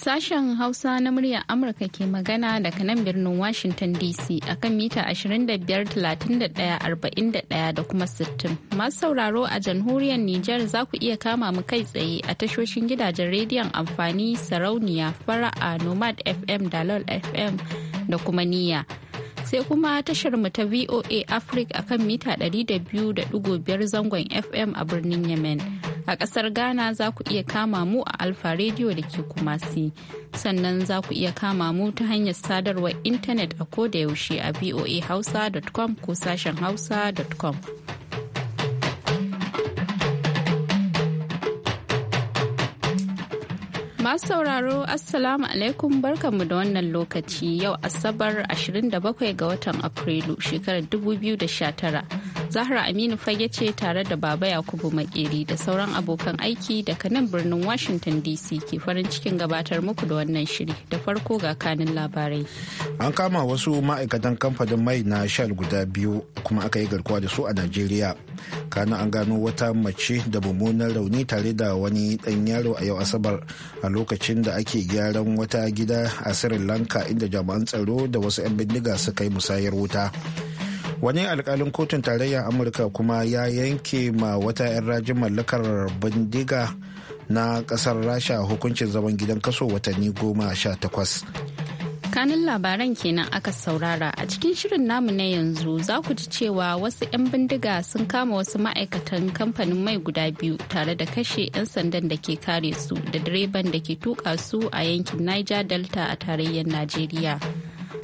Sashen Hausa na muryar Amurka ke magana daga nan birnin Washington DC akan mita 25-31-41 da kuma 60. Masu sauraro a jamhuriyar Nijar za ku iya kama mu kai tsaye a tashoshin gidajen rediyon amfani sarauniya fara'a Nomad FM da LOL FM da kuma niya sai kuma tashar mu ta VOA Africa akan mita 200.5 zangon FM a birnin Yemen. A ƙasar Ghana za ku iya kama mu a Alfa Radio da ke Kumasi. Sannan za ku iya kama mu ta hanyar sadarwar intanet a kodayaushe a voahausa.com ko sashen hausa.com. Masu sauraro Assalamu alaikum barkanmu da wannan lokaci yau Asabar 27 ga watan Afrilu shekarar 2019. Zahra Aminu fage ce tare da Baba Yakubu Makeri da sauran abokan aiki daga nan birnin Washington DC ke farin cikin gabatar muku da wannan shiri da farko ga kanin labarai. An kama wasu ma'aikatan kamfanin mai na shal guda biyu kuma aka yi garkuwa da su a Najeriya. Kana an gano wata mace da mummunan rauni tare da wani ɗan yaro a yau Asabar a lokacin da ake gyaran wata gida a Sri Lanka inda jami'an tsaro da wasu 'yan bindiga suka yi musayar wuta. wani alkalin kotun tarayyar amurka kuma ya yanke ma wata 'yan rajin mallakar bindiga na kasar rasha hukuncin zaman gidan kaso watanni goma sha takwas kanin labaran kenan aka saurara a cikin shirin namu na yanzu za ku ji cewa wasu 'yan bindiga sun kama wasu ma'aikatan kamfanin mai guda biyu tare da kashe 'yan sandan da ke kare su da direban da ke tuka su a yankin niger delta a tarayyar najeriya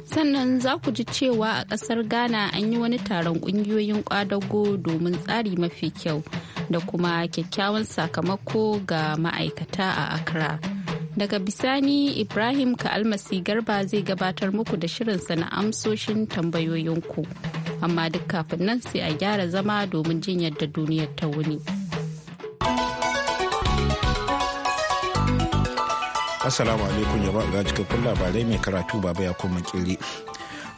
sannan za ku ji cewa a ƙasar ghana an yi wani taron ƙungiyoyin ƙwadago domin tsari mafi kyau da kuma kyakkyawan sakamako ga ma'aikata a accra daga bisani ibrahim ka almasi garba zai gabatar muku da shirinsa na amsoshin tambayoyinku amma duk kafin nan sai a gyara zama domin jin yadda duniyar ta wuni. Assalamu alaikum ya ga cikakkun labarai mai karatu baba ya kuma kiri.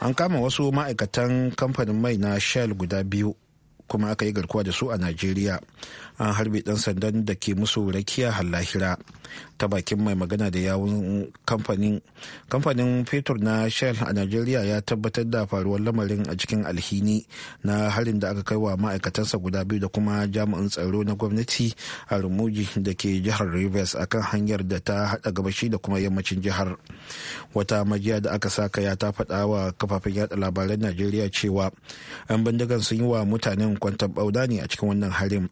An kama wasu ma'aikatan kamfanin mai na Shell guda biyu kuma aka yi garkuwa da su a Najeriya an harbe dan sandan da ke musu rakiya halahira ta bakin mai magana da yawun kamfanin kamfanin fetur na shell a nigeria ya tabbatar da faruwar lamarin a cikin alhini na harin da aka kai wa ma'aikatansa guda biyu da kuma jami'in tsaro na gwamnati a rumuji da ke jihar rivers akan hanyar da ta hada gabashi da kuma yammacin jihar wata majiya da aka saka ya ta faɗa wa kafafen yada labaran nigeria cewa 'yan bindigan sun yi wa mutanen kwantar bauda ne a cikin wannan harin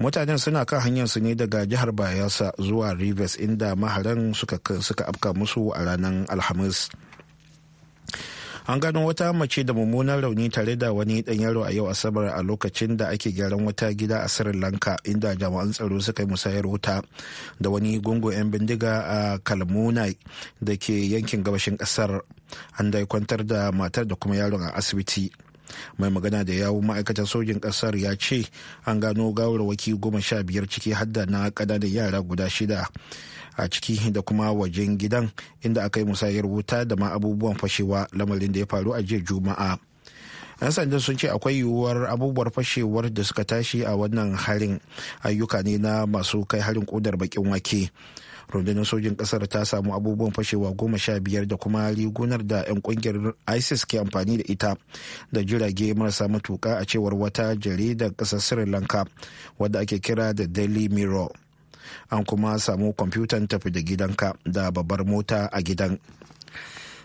mutanen suna kan hanyar su ne daga jihar bayelsa zuwa rivers inda maharan suka afka musu a ranar alhamis an gano wata mace da mummunan rauni tare da wani dan yaro a yau asabar a lokacin da ake gyaran wata gida a sri lanka inda jami'an tsaro suka yi musayar wuta da wani gungun 'yan bindiga a kalmuna da ke yankin gabashin kasar an dai da matar da kuma yaron a asibiti mai magana da yawun ma'aikatar sojin kasar ya ce an gano gawarwaki goma sha biyar ciki hadda na ƙananan yara guda shida a ciki da kuma wajen gidan inda aka yi musayar wuta da ma abubuwan fashewa lamarin da ya faru a jiya juma'a yan sandan sun ce akwai yiwuwar abubuwar fashewar da suka tashi a wannan harin ayyuka ne na masu kai harin kudar bakin wake rundunar sojin kasar ta samu abubuwan fashewa goma sha biyar da kuma rigunar da 'yan kungiyar isis ke amfani da ita da jirage marasa matuka a cewar wata jaridar kasar sri lanka wadda ake kira da daily mirror an kuma samu kwamfutan tafi da gidanka da babbar mota a gidan.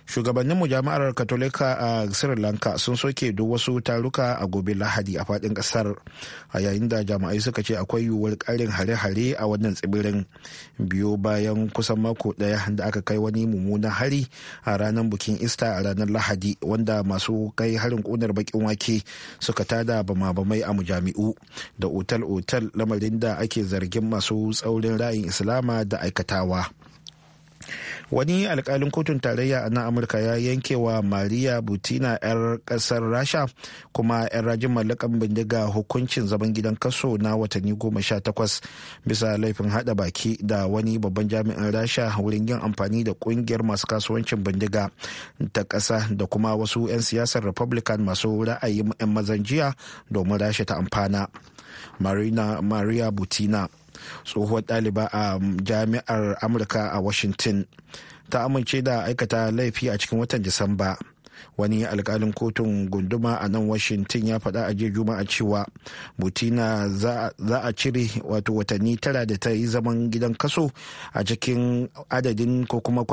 shugabannin jami'ar katolika a sri lanka sun soke duk wasu taruka a gobe lahadi a fadin kasar a yayin da jami'ai suka ce akwai yiwuwar karin hare-hare a wannan tsibirin biyu bayan kusan mako daya da aka kai wani mummunan hari a ranar bukin ista a ranar lahadi wanda masu kai harin kunar bakin wake suka tada bama-bamai a mujami'u da otal-otal lamarin da ake zargin masu tsaurin ra'ayin islama da aikatawa. wani alkalin kotun tarayya a amurka ya yanke wa maria butina 'yar kasar rasha kuma 'yan rajin mallakan bindiga hukuncin zaman gidan kaso na watanni goma sha takwas bisa laifin hada baki da wani babban jami'in rasha wurin yin amfani da kungiyar masu kasuwancin bindiga ta kasa da kuma wasu 'yan siyasar republican masu ra'ayin 'yan mazan jiya domin rasha ta amfana maria butina tsohuwar ɗaliba a um, jami'ar amurka a washington ta amince da aikata laifi a cikin watan disamba wani alkalin kotun gunduma a nan washington ya faɗa a jiya juma'a cewa butina za a cire wato watanni tara da ta yi zaman gidan kaso a cikin adadin ko kuma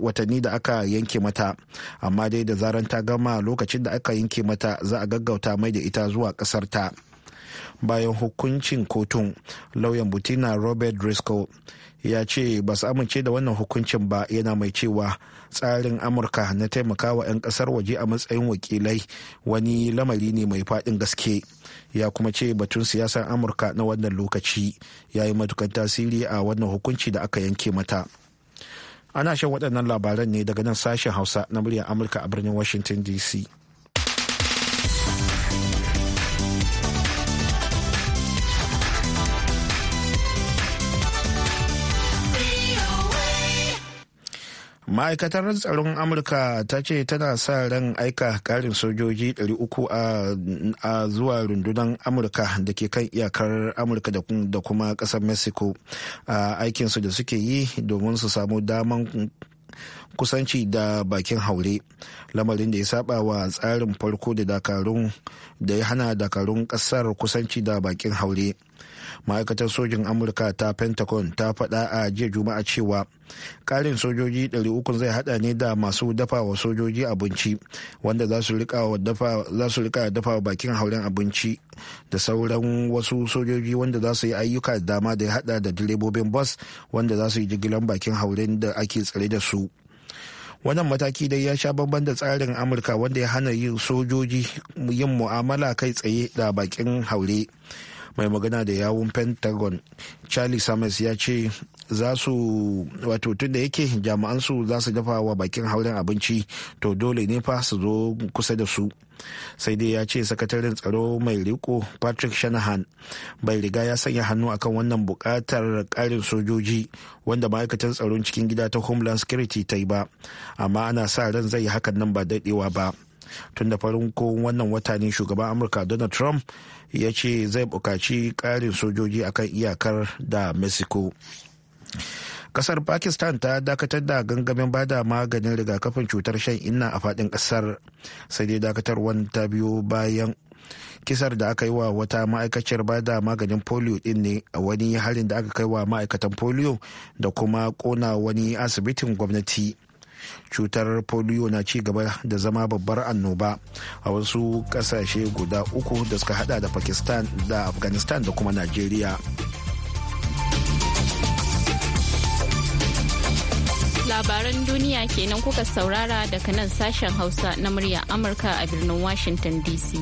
watanni da aka yanke mata amma dai da zaran ta gama lokacin da aka yanke mata za a gaggauta mai da ita zuwa ƙasarta. ta bayan hukuncin kotun lauyan butina robert driscoll ya ce ba su amince da wannan hukuncin ba yana mai cewa tsarin amurka na taimakawa 'yan kasar waje a matsayin wakilai wani lamari ne mai faɗin gaske ya kuma ce batun siyasar amurka na wannan lokaci ya yi matukar tasiri a wannan hukunci da aka yanke mata ana shan waɗannan labaran ne daga nan sashen hausa na muryar amurka a birnin washington dc ma'aikatar tsaron amurka ta ce tana sa ran aika karin sojoji 300 a zuwa rundunar amurka da ke kan iyakar amurka da kuma kasar mexico a aikinsu da suke yi domin su samu daman kusanci da bakin haure lamarin da ya saba wa tsarin farko da dakarun da ya hana dakarun kasar kusanci da bakin haure ma'aikatar sojin amurka ta pentagon ta faɗa a jiya juma'a cewa ƙarin sojoji 300 zai hada ne da masu dafa wa sojoji abinci wanda za su rika dafa bakin hauren abinci da sauran wasu sojoji wanda za su yi ayyuka dama da ya hada da direbobin bus wanda za su yi jigilan bakin hauren da ake tsare da su wannan mataki dai ya sha bamban da tsarin amurka wanda ya hana yin sojoji yin mu'amala kai tsaye da bakin haure mai magana da yawun pentagon charlie summers ya ce za su wato tun da yake jami'an su za su dafa wa bakin hauren abinci to dole ne fa su zo kusa da su sai dai ya ce sakataren tsaro mai riko patrick shanahan bai riga ya sanya hannu akan wannan bukatar karin sojoji wanda ma'aikatan tsaron cikin gida ta homeland security ta yi ba amma ana sa ran zai hakan nan ba daɗewa ba tun da farko wannan wata ne shugaban amurka donald trump ya ce zai bukaci karin sojoji akan iyakar da mexico kasar pakistan ta dakatar da gangamin bada maganin rigakafin cutar shan inna a fadin kasar sai dai dakatarwan ta biyo bayan kisar da aka yi wa wata ma'aikaciyar bada maganin polio din ne a wani harin da aka kai wa ma'aikatan polio da kuma kona wani asibitin gwamnati cutar polio na ci gaba da zama babbar annoba a wasu kasashe guda uku da suka hada da pakistan da afghanistan da kuma nigeria. labaran duniya kenan kuka saurara daga nan sashen hausa na murya amurka a birnin washington dc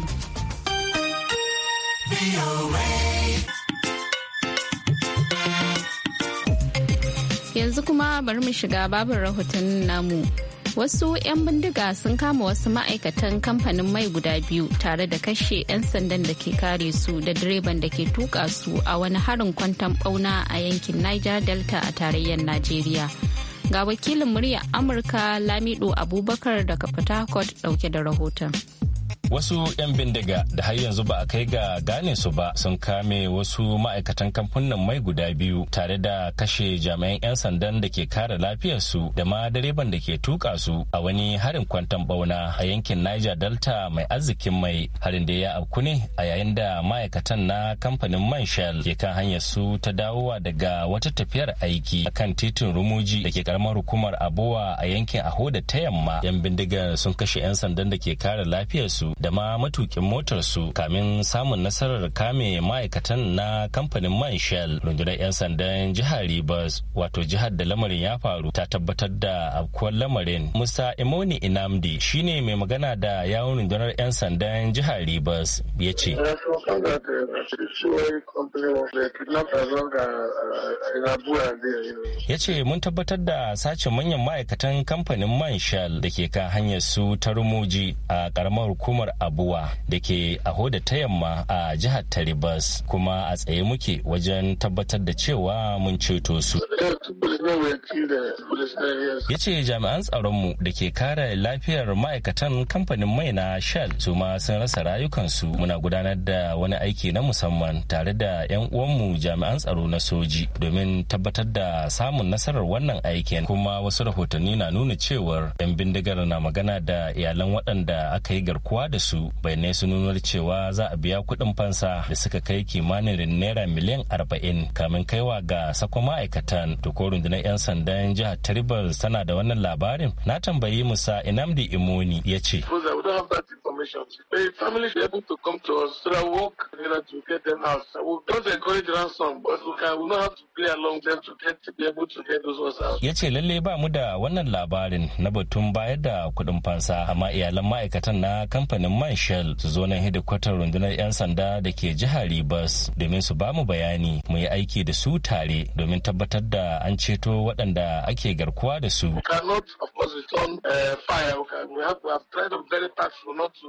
Yanzu kuma bari mu shiga babin rahoton namu. Wasu 'yan bindiga sun kama wasu ma'aikatan kamfanin mai guda biyu tare da kashe 'yan sandan da ke kare su da direban da ke tuka su a wani harin kwantan bauna a yankin Niger Delta a tarayyar Najeriya. Ga wakilin murya Amurka Lamido Abubakar daga Port ɗauke dauke da rahoton. wasu 'yan bindiga da har yanzu ba a kai ga gane su ba sun kame wasu ma'aikatan kamfanin mai guda biyu tare da kashe jami'an 'yan sandan da ke kare lafiyarsu da ma direban da ke tuka su a wani harin kwantan bauna a yankin niger delta mai arzikin mai harin da ya abku ne a yayin da ma'aikatan na kamfanin man shell ke kan hanyar su ta dawowa daga wata tafiyar aiki a kan titin rumuji da ke karamar hukumar abowa a yankin aho da ta yamma 'yan bindigar sun kashe 'yan sandan da ke kare lafiyarsu da ma matukin motarsu kamin samun nasarar kame ma'aikatan na kamfanin man shell rundunar 'yan sandan jihar rivers wato jihar da lamarin ya faru ta tabbatar da afkuwar lamarin musa imoni inamdi shine mai magana da yawon rundunar 'yan sandan jihar rivers ya ce ya ce mun tabbatar da sace manyan ma'aikatan kamfanin man shell da ke kan hanyar su ta rumuji a karamar hukumar abuwa da ke aho da ta yamma a jihar taribas kuma a tsaye muke wajen tabbatar da cewa mun ceto su ya ce jami'an tsaronmu da ke kare lafiyar ma'aikatan kamfanin mai na shell su ma sun rasa rayukansu muna gudanar da wani aiki na musamman tare da 'yan uwanmu jami'an tsaro na soji domin tabbatar da samun nasarar wannan aikin kuma wasu rahotanni na nuna cewar 'yan bindigar na magana da iyalan waɗanda aka yi garkuwa da su ne su nunar cewa za a biya kuɗin fansa da suka kai kimanin naira miliyan arba'in kamin kaiwa ga sako ma'aikatan to ko rundunar 'yan sandan jihar taribas tana da wannan labarin na tambayi musa inamdi imoni ya ce permissions. The family should be able to come to us so that we work together to get them out. We don't encourage ransom, but we can we to play along them to get to be able to get those ones out. Ya ce lalle ba mu da wannan labarin na batun bayar da kuɗin fansa amma iyalan ma'aikatan na kamfanin man Shell su zo nan hidikwatar rundunar 'yan sanda da ke jihar Rivers domin su ba mu bayani mu yi aiki da su tare domin tabbatar da an ceto waɗanda ake garkuwa da su. We cannot, of course, return uh, fire. We, can, we have, we have tried very not to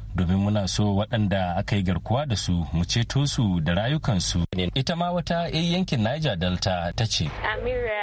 domin muna so waɗanda aka yi garkuwa da su mu ceto su da rayukansu. Ita ma wata 'yan eh, yankin Niger Delta ta ce. Amira,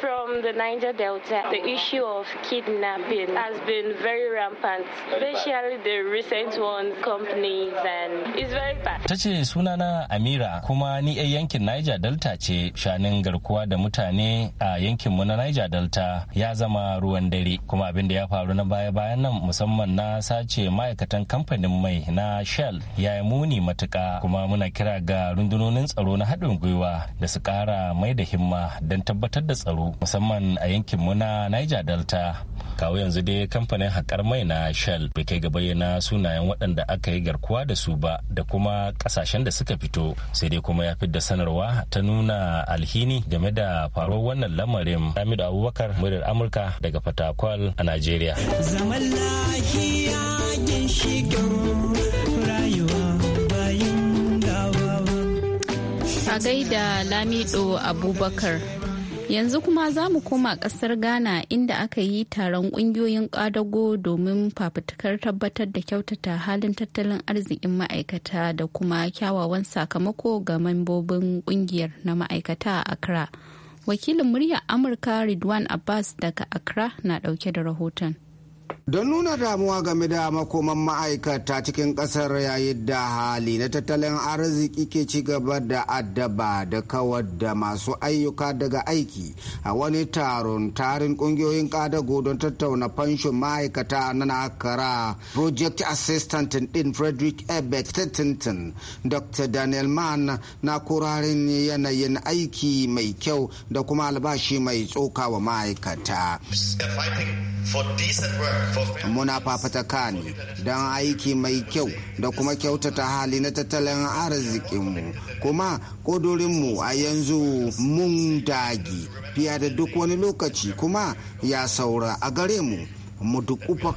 from the Niger Delta. The issue of kidnapping has been very rampant, especially the recent ones companies and it's very bad. Ta ce sunana Amira kuma ni 'yan eh, yankin Niger Delta ce shanin garkuwa da mutane a yankinmu na Niger Delta ya zama ruwan dare kuma abin da ya faru na baya-bayan nan musamman na sace ma'aikatan kamfanin mai na shell ya yi muni matuka kuma muna kira ga rundunonin tsaro na haɗin gwiwa da su kara mai da himma don tabbatar da tsaro musamman a yankin mu na niger delta kawo yanzu dai kamfanin haƙar mai na shell bai kai ga bayyana sunayen waɗanda aka yi garkuwa da su ba da kuma ƙasashen da suka fito sai dai kuma ya da sanarwa ta nuna alhini game da faruwar wannan lamarin lamido abubakar muryar amurka daga fatakwal a najeriya zaman lafiya A gaida Lamido Abubakar. Yanzu kuma za mu koma ƙasar Ghana inda aka yi taron ƙungiyoyin ƙadago domin fafutukar tabbatar da kyautata halin tattalin arzikin ma'aikata da kuma kyawawan sakamako ga membobin ƙungiyar na ma'aikata a Accra. Wakilin muryar Amurka Ridwan Abbas daga Accra na ɗauke da rahoton. don nuna damuwa game da makoman ma'aikata cikin kasar yayin da hali na tattalin arziki ke ci gaba da addaba da kawar da masu ayyuka daga aiki a wani taron tarin kungiyoyin kadago don tattauna fanshon ma'aikata na nakara project assistant din frederick ebert tintin dr daniel mann na kurarin yanayin aiki mai kyau da kuma albashi mai tsoka wa ma'aikata muna fafata kani don aiki mai kyau da kuma kyautata hali na tattalin arzikinmu kuma ƙudurinmu a yanzu mun dagi fiye da duk wani lokaci kuma ya saura a gare mu mu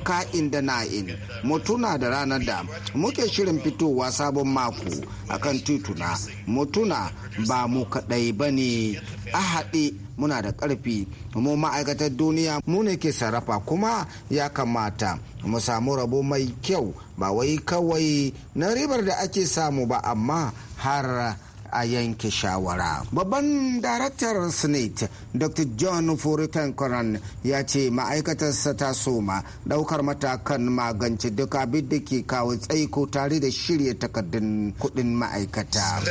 ka'in da na'in mu tuna da ranar da muke shirin fitowa sabon mako a kan tituna mu tuna ba mu kaɗai ba ne a haɗe muna da ƙarfi mu ma'aikatar duniya mu ne ke sarrafa kuma ya kamata mu samu rabo mai kyau ba wai kawai na ribar da ake samu ba amma har a yanke shawara babban daraktar senate dr john furitan koran ya ce ma'aikatarsa ta soma daukar matakan magance duk abin da ke kawo tsaiko tare da shirya takardun kudin ma'aikata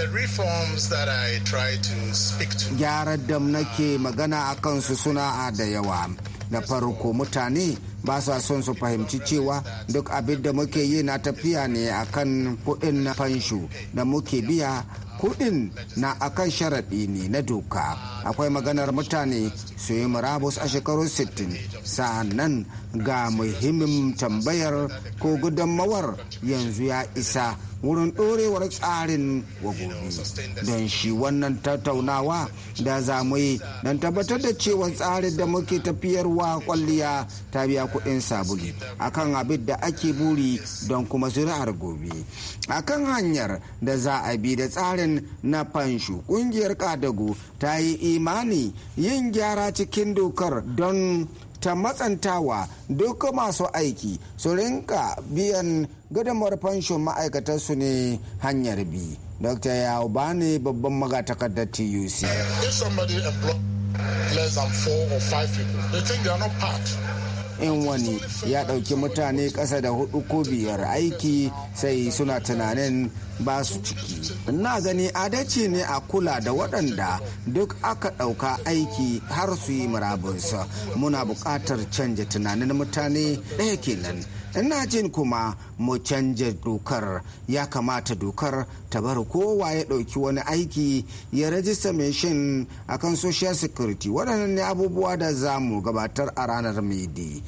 gyarar da nake magana a kansu suna a da yawa na farko mutane ba sa son su fahimci cewa duk abin da muke yi na tafiya ne akan kuɗin na fansho da muke biya kuɗin na akan sharaɗi ne na doka akwai maganar mutane su yi murabus a shekarun 60 sa'annan ga muhimmin tambayar ko gudunmawar yanzu ya isa wurin ɗorewar tsarin wa don shi wannan tattaunawa da za yi don tabbatar da cewa tsarin da muke tafiyarwa kwalliya ta biya kuɗin sabulu kan abin da ake buri don kuma zuri'ar gobe a kan hanyar da za a bi da tsarin na fanshu ƙungiyar kadago ta yi imani yin gyara cikin dokar don ta matsantawa duk masu aiki su rinka biyan gadamar fanshon ma'aikatarsu ne hanyar bi dr yawo bane babban magatakardar tuc in wani ya ɗauki mutane kasa da hudu ko biyar aiki sai suna tunanin ba su ciki na gani adalci ne a kula da waɗanda duk aka ɗauka aiki har su yi murabus muna buƙatar canja tunanin mutane ɗaya kenan ina jin kuma mu canja dokar ya kamata dokar ta bar kowa ya dauki wani aiki ya rajista mai shin kan social security waɗannan ne abubuwa da za mu gabatar a ranar midi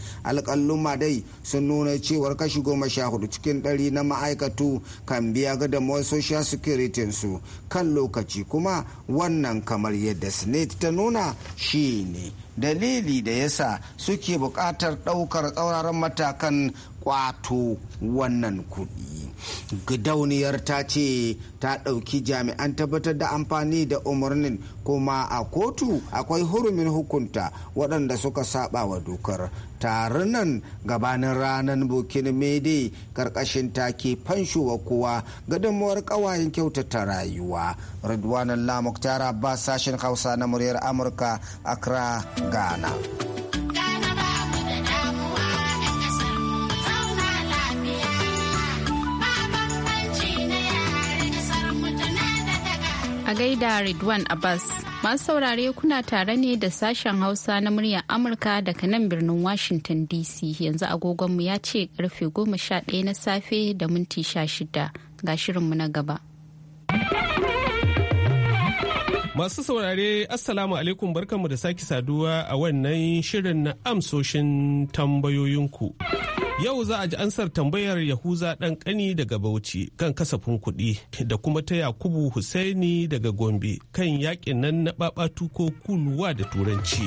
ma dai sun nuna cewar kashi goma sha hudu cikin ɗari na ma'aikatu kan biya gadamawar social security su kan lokaci kuma wannan kamar yadda senate ta nuna shi ne dalili da yasa suke buƙatar ɗaukar tsauraran matakan kwato wannan kuɗi gidauniyar ta ce ta ɗauki jami'an tabbatar da amfani da umarnin kuma a kotu akwai hurumin hukunta waɗanda suka saba wa dokar tare nan gabanin ranar bukin mede karkashin take fanshowa kowa gadamuwar ƙawayen kyautata rayuwa radwanan lamuk tara ba sashen hausa na muryar amurka accra ghana a gaida Ridwan Abbas. Masu saurare kuna tare ne da sashen Hausa na muryar Amurka daga nan birnin Washington DC yanzu agogonmu ya ce karfe 11 na safe da minti 16 ga shirinmu na gaba. Masu saurare Assalamu alaikum barkanmu da sake saduwa a wannan shirin na amsoshin tambayoyinku. Yau za a ji ansar tambayar Yahuza ɗan ƙani daga Bauchi kan kasafin kuɗi da kuma ta Yakubu Husaini daga Gombe kan yakin nan na ɓaɓatu ko kuluwa da turanci.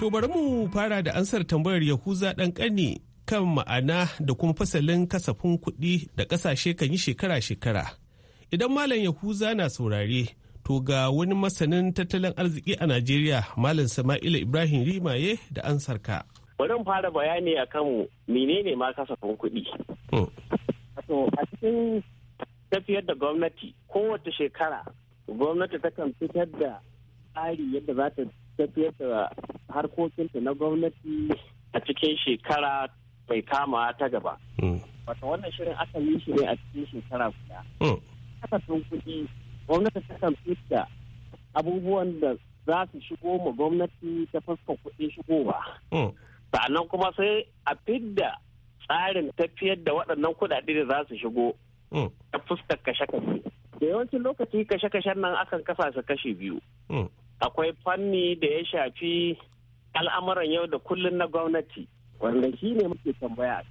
To bari mu fara da ansar tambayar Yahuza ɗan ƙani kan ma'ana da kuma fasalin kasafin kuɗi da ƙasashe kan yi shekara-shekara. Idan Malam Yahuza na saurare, To ga wani masanin tattalin arziki a Najeriya, Malam Sama'ila Ibrahim Rimaye da ansarka. Bari fara bayani a akan menene ma kasafin kuɗi. Hmm. a cikin tafiyar da gwamnati kowace shekara gwamnati takan fitar da tsari yadda za ta tafiyar da harkokinta na gwamnati a cikin shekara mai kama ta gaba. Hmm. Wato wannan shirin aka yi shi ne a cikin shekara guda. Hmm. Kasafin kuɗi gwamnati ta kan fita abubuwan da za su shigo ma gwamnati ta fuskar kuɗin shigowa. Hmm. Sa'annan kuma sai a fidda tsarin tafiyar da waɗannan kuɗaɗe da za su shigo hmm. ta fuskar kashe-kashe. Da yawancin lokaci kashe-kashen nan akan kasa su kashe biyu. Hmm. Akwai fanni da ya shafi al'amuran yau da kullum na gwamnati. wanda shi ne muke tambaya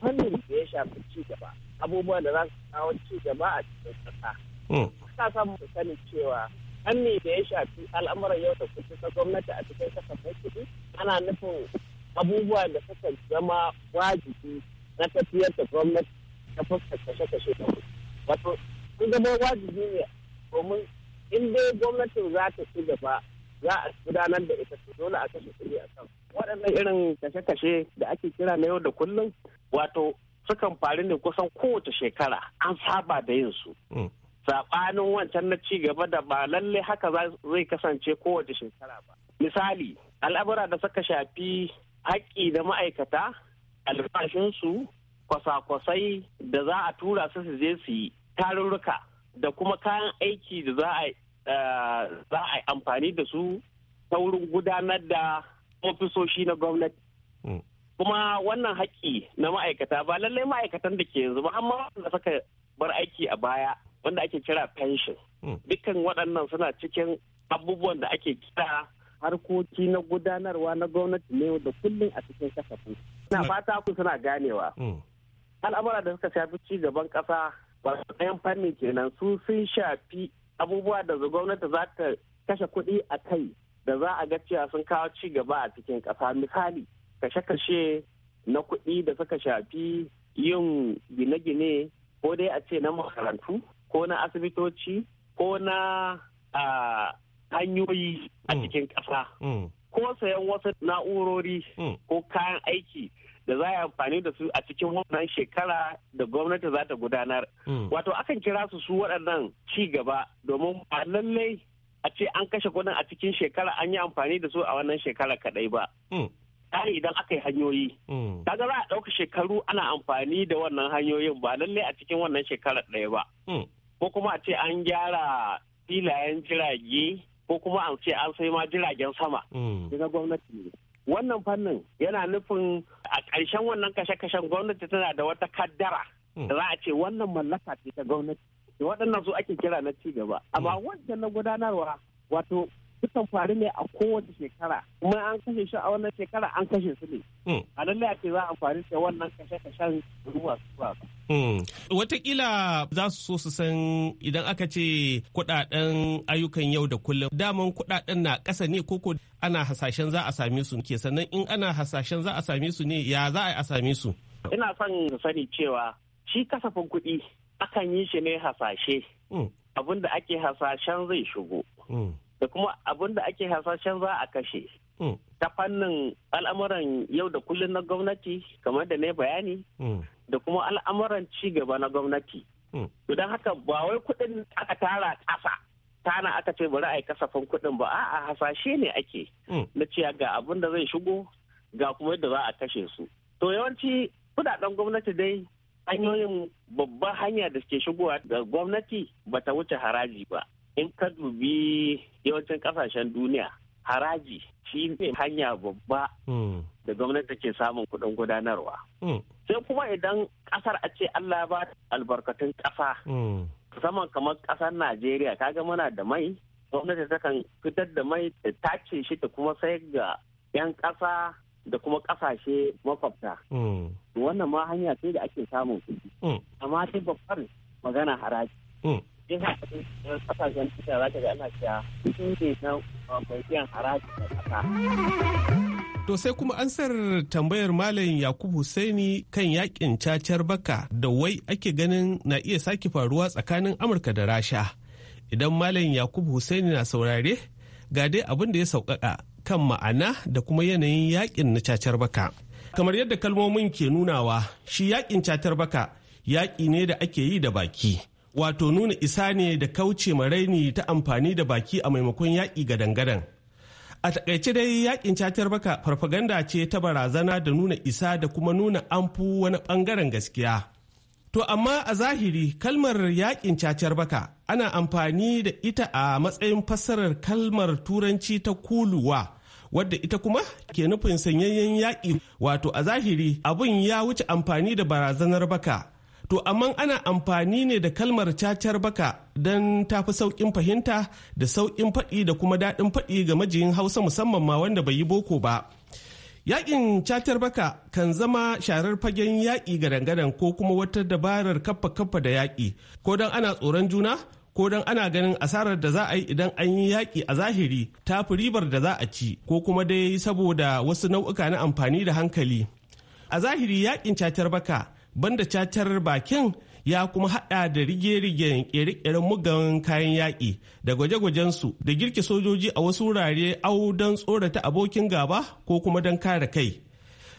fannin da ya shafi ci gaba abubuwan da za su kawo ci gaba a cikin ƙasa Mm. Ina samu mu sani cewa hannu da ya shafi al'amuran yau da kullum ta gwamnati a cikin kasafin kudi ana nufin abubuwa da suka zama wajibi na tafiyar da gwamnati ta fuska kashe-kashe da kudi Wato, sun zama wajibi ne domin in dai gwamnatin za ta ci gaba za a gudanar da ita su dole a kashe kudi a kan waɗannan irin kashe-kashe da ake kira na yau da kullum wato sukan faru ne kusan kowace shekara an saba da yin su mm. saɓanin wancan na ci gaba da ba lalle haka zai kasance kowace shekara ba misali al'amura da suka shafi haƙƙi da ma'aikata albashinsu kwasa-kwasai da za a tura su su je su yi tarurruka da kuma kayan aiki da za a eh, yi amfani da su ta wurin gudanar da ofisoshi na gwamnati mm. kuma wannan haƙƙi na ma'aikata ba lallai ma'aikatan da ke yanzu ba amma da suka bar aiki a baya wanda ake kira pension hmm. dukkan waɗannan suna cikin abubuwan da ake kira harkoki na gudanarwa na gwamnati ne da kullum a cikin kasafin na fata ku suna ganewa hmm. al'amura da suka shafi ci gaban ƙasa ba ɗayan fannin kenan su sun shafi abubuwa da gwamnati za ta kashe kuɗi a kai da za a ga cewa sun kawo ci gaba a cikin ƙasa misali kashe-kashe na kuɗi da suka shafi yin gine-gine ko dai a ce na makarantu ko na asibitoci ko na hanyoyi a mm. cikin ƙasa mm. ko sayan wasu na'urori mm. ko kayan aiki da za a amfani da su a cikin wannan shekara da gwamnati za ta gudanar. Wato akan kira su su waɗannan ci gaba domin ba lallai a ce an kashe kudin a cikin shekara an yi amfani da su a wannan shekara kaɗai ba. Tsari idan aka yi hanyoyi. Kaga za a ɗauka shekaru ana amfani da wannan hanyoyin ba lallai a cikin wannan shekara ɗaya ba. ko kuma a ce an gyara filayen jirage ko kuma an ce an sai ma jiragen sama mm. na gwamnati ne wannan fannin yana nufin a ƙarshen wannan kashe-kashen gwamnati tana da wata kaddara mm. da za a ce wannan mallaka ce ta gwamnati da waɗannan su ake kira na ci gaba amma mm. wancan na gudanarwa wato sukan faru ne a kowace shekara kuma an kashe shi a wannan shekara an kashe su ne hmm. a lallai a ce za a faru da wannan kashe-kashen ruwa su ba hmm. Watakila za su so su san idan aka ce kudaden ayyukan yau da kullum daman kudaden na ƙasa ne koko ana hasashen za a same su ke sannan in ana hasashen za a same su ne ya za a same su. Ina son sani cewa shi kasafin kuɗi akan yi shi ne hasashe hmm. abinda ake hasashen zai shigo. da kuma abin da ake hasashen za a kashe hmm. ta fannin al'amuran yau da kullum na gwamnati kamar da na bayani hmm. da kuma al'amuran ci gaba na gwamnati hmm. to don haka ba wai kuɗin aka tara ƙasa tana aka ce bari a yi kasafin kuɗin ba a'a hasashe ne ake na cewa ga abin da zai shigo ga kuma yadda za a kashe su to yawanci kudaden gwamnati dai hanyoyin babban hanya da suke shigowa ga gwamnati bata wuce haraji ba in ka dubi yawancin kasashen duniya haraji shi ne hanya babba hmm. da gwamnati ke samun kuɗin gudanarwa. Hmm. Sai kuma idan ƙasar a ce Allah ba albarkatun ƙasa, hmm. musamman kamar ƙasar Najeriya, kaga muna da mai, gwamnati takan fitar da mai da tace shi da kuma sayar ga 'yan ƙasa da kuma ƙasashe makwabta. Wannan ma hanya sai da ake samun kuɗi. Amma sai babbar magana haraji. yin haɗin tuta za ga ana cewa na uh, biyan haraji na ƙasa. To sai kuma ansar tambayar Malam Yakubu Hussaini kan yakin cacar baka da wai ake ganin na iya sake faruwa tsakanin Amurka da Rasha. Idan Malam Yakubu Hussaini na saurare, ga dai abin da ya sauƙaƙa kan ma'ana da kuma yanayin yakin na cacar baka. Kamar yadda kalmomin ke nunawa, shi yakin cacar baka yaƙi ne da ake yi da baki. wato nuna isa ne da kauce ma raini ta amfani da baki a maimakon yaƙi ga dangadan A takaice dai yaƙin catar baka farfaganda ce ta barazana da nuna isa da kuma nuna amfu wani bangaren gaskiya. To amma a zahiri kalmar yakin cacar baka ana amfani da ita a matsayin fassarar kalmar turanci ta kuluwa wadda ita kuma ke nufin sanyayyen yaƙi wato a zahiri abun ya wuce amfani da barazanar baka to amma ana amfani ne da kalmar cacar baka don tafi sauƙin fahimta da sauƙin faɗi da kuma daɗin faɗi ga majiyin hausa musamman ma wanda bai yi boko ba yaƙin cacar baka kan zama sharar fagen yaƙi gadangadan ko kuma wata dabarar kaffa kaffa da yaƙi ko don ana tsoron juna ko don ana ganin asarar da za a yi idan an yi yaƙi a zahiri ta fi ribar da za a ci ko kuma dai saboda wasu nau'uka na amfani da hankali a zahiri yaƙin cacar baka banda cacar bakin ya kuma hada da rige-rigen kere-keren mugan kayan yaƙi da gwaje gwajen su da girki sojoji a wasu wurare au don tsorata abokin gaba ko kuma don kare kai.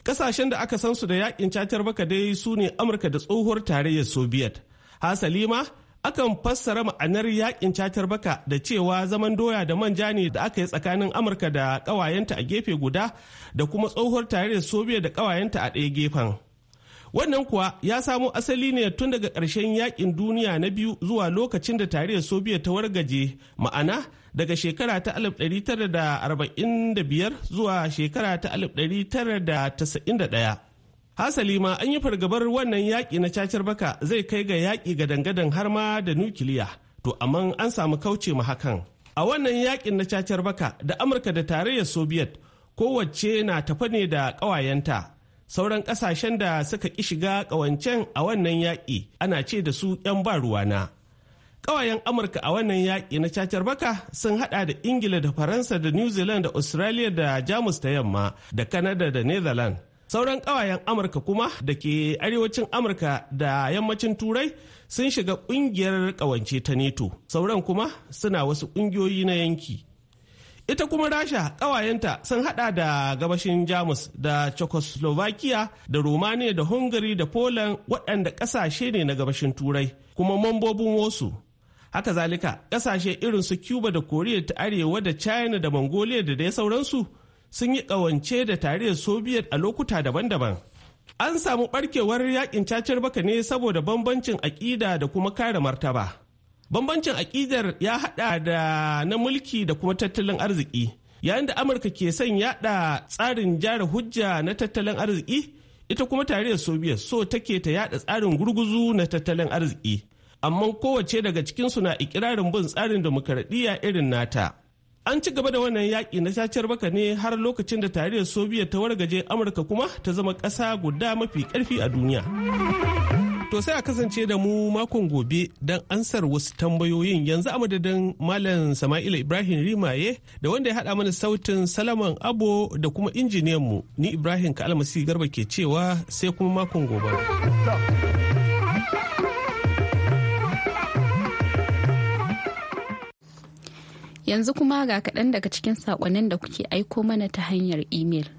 Kasashen da aka san su da yakin cacar baka dai su ne Amurka da tsohuwar tarayyar Soviet. Hasali ma akan fassara ma'anar yaƙin cacar baka da cewa zaman doya da manja ne da aka yi tsakanin Amurka da ƙawayenta a gefe guda da kuma tsohuwar tarayyar Soviet da ƙawayenta a ɗaya gefen. Wannan kuwa ya samo asali ne tun daga ƙarshen yakin duniya na biyu zuwa lokacin da tarihin Soviet ta wargaje ma'ana daga shekara ta 1945 zuwa shekara ta 1991. Hasali ma an yi fargabar wannan yaƙi na cacar baka zai kai ga yaƙi ga dangadan har ma da nukiliya, to amma an samu kauce ma hakan. A wannan yaƙin na cacar baka da Amurka da tarayyar Soviet kowace na tafa ne da ƙawayenta. sauran kasashen da suka ƙi shiga ƙawancen a wannan yaƙi ana ce da su 'yan ba ruwana. Ƙawayen Amurka a wannan yaƙi na cacar baka sun haɗa da Ingila da Faransa da New Zealand da Australia da Jamus ta yamma da Canada da Netherlands. Sauran ƙawayen Amurka kuma da ke arewacin Amurka da yammacin Turai sun shiga ƙungiyar ƙawance ta NATO. Sauran kuma suna wasu ƙungiyoyi na yanki. ita kuma rasha ƙawayenta sun hada da gabashin jamus da czechoslovakia da romania da hungary da poland waɗanda ƙasashe ne na gabashin turai kuma mambobin wasu haka zalika ƙasashe irin su cuba da koriya ta arewa da china da mongolia da dai sauransu sun yi ƙawance da tarayyar soviet a lokuta daban-daban an samu ɓarkewar yakin cacar baka ne saboda bambancin aƙida da kuma kare martaba Bambancin aƙidar ya haɗa da na mulki da kuma tattalin arziki. Yayin da Amurka ke son yaɗa tsarin jara hujja na tattalin arziki, ita kuma tarayyar Soviet so take ta yaɗa tsarin gurguzu na tattalin arziki. Amma kowace daga cikinsu na ikirarin bin tsarin demokaradiyya irin nata. An ci gaba da wannan yaƙi na sacar baka ne har lokacin da tarayyar Soviet ta wargaje Amurka kuma ta zama ƙasa guda mafi ƙarfi a duniya. To sai a kasance da mu makon gobe don ansar wasu tambayoyin yanzu a madadin Malam Sama'ila Ibrahim Rimaye da wanda ya haɗa mana sautin Salaman Abo da kuma mu ni Ibrahim Kalmasi Garba ke cewa sai kuma makon gobe. Yanzu kuma ga kaɗan daga cikin saƙonnin da kuke aiko mana ta hanyar imel.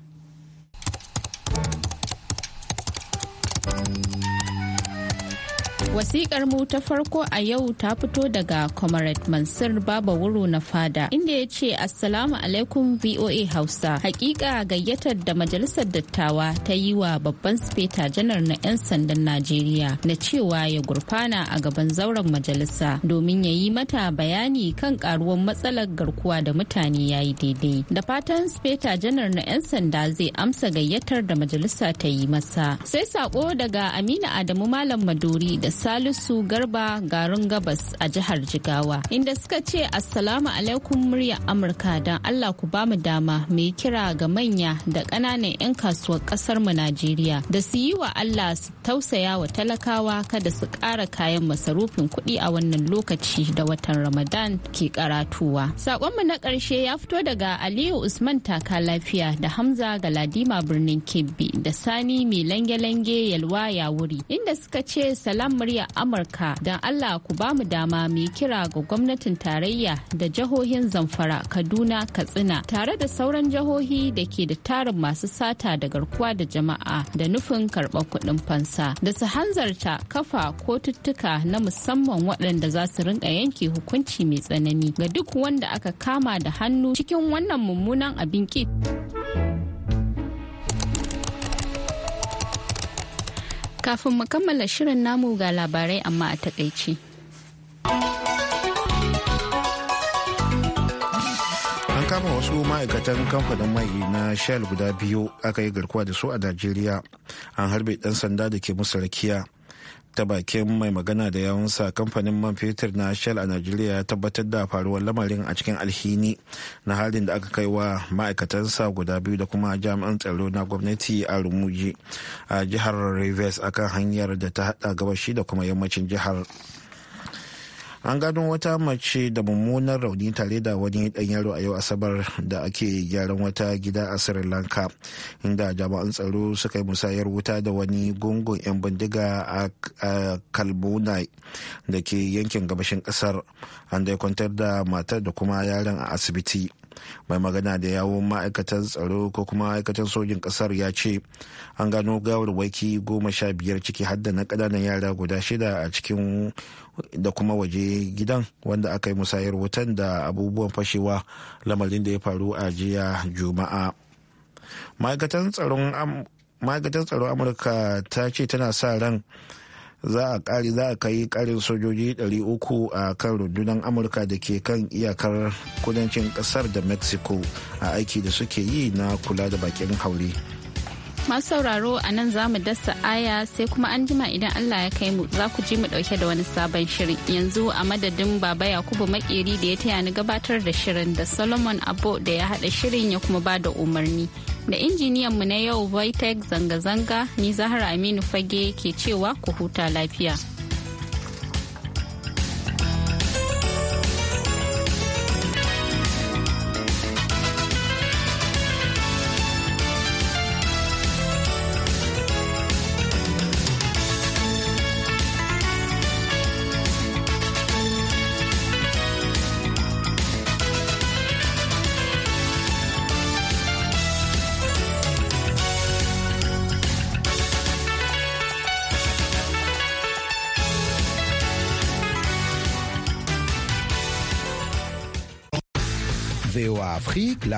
Wasikar mu ta farko a yau ta fito daga Comrade Mansur Baba Wuro na fada inda ya ce Assalamu alaikum VOA Hausa. Hakika gayyatar da Majalisar Dattawa ta yi wa babban speta janar na 'yan sandan Najeriya na cewa ya gurfana a gaban zauren majalisa domin ya yi mata bayani kan karuwan matsalar garkuwa da mutane ya yi daidai. Da fatan speta janar na 'yan sanda zai amsa gayyatar da majalisa ta yi masa. Sai saƙo daga Amina Adamu Malam Maduri da Salisu Garba garin Gabas a jihar Jigawa inda suka ce Assalamu alaikum murya Amurka don Allah ku bamu dama mai kira ga manya da ƙananan 'yan kasuwar ƙasar mu Najeriya da su yi wa Allah su tausaya wa talakawa kada su ƙara kayan masarufin kuɗi a wannan lokaci da watan Ramadan ke karatuwa. saƙonmu na ƙarshe ya fito daga Aliyu Usman Taka Lafiya da Hamza Galadima birnin Kebbi da Sani mai lange-lange yalwa ya wuri inda suka ce salam muryar Amurka don Allah ku ba mu dama mu kira ga gwamnatin tarayya da jihohin Zamfara, Kaduna, Katsina tare da sauran jihohi da ke da tarin masu sata da garkuwa da jama'a da nufin karɓar kuɗin fansa da su hanzarta kafa ko tuttuka na musamman waɗanda za su rinka yanke hukunci mai tsanani ga duk wanda aka kama da hannu cikin wannan mummunan abin ƙi. Kafin mu kammala shirin namu ga labarai amma a takaici. An kama wasu ma'aikatan kamfanin mai na Shell guda biyu aka yi garkuwa da su a Najeriya. An harbe ɗan sanda da ke musu rakiya. ta bakin mai magana da yawansa kamfanin man fetur na shell a najeriya ya tabbatar da faruwar lamarin a cikin alhini na halin da aka kai wa ma'aikatansa guda biyu da kuma jami'an tsaro na gwamnati a rumuji a jihar rivers akan hanyar da ta hada gabashi da kuma yammacin jihar an gano wata mace da mummunan rauni tare da wani dan yaro a yau asabar da ake gyaran wata gida a sri lanka inda jami'an tsaro suka yi musayar wuta da wani gungun 'yan bindiga a kalbunai da ke yankin gabashin kasar an dai kwantar da matar da kuma yaron a asibiti mai magana da yawon ma'aikatan tsaro ko kuma ma'aikatan sojin kasar ya ce an gano gawar gawarwaki goma sha biyar ciki hadda na ƙananan yara guda shida a cikin da kuma waje gidan wanda aka yi musayar wutan da abubuwan fashewa lamarin da ya faru a jiya juma'a ma'aikatan tsaron amurka ta ce tana sa ran za a kari za a kai karin sojoji 300 a kan rundunar amurka da ke kan iyakar kudancin kasar da mexico a aiki da suke yi na kula da bakin haure masu sauraro a nan za mu dasa aya sai kuma an jima idan allah ya kai mu za ku ji mu dauke da wani sabon shirin yanzu a madadin baba yakubu makeri da ya taya ni gabatar da shirin da solomon abo da ya hada shirin ya kuma ba da umarni da injiniyan mu na yau Vitek zanga-zanga ni Zahra Aminu Fage ke cewa ku huta lafiya. l'Afrique,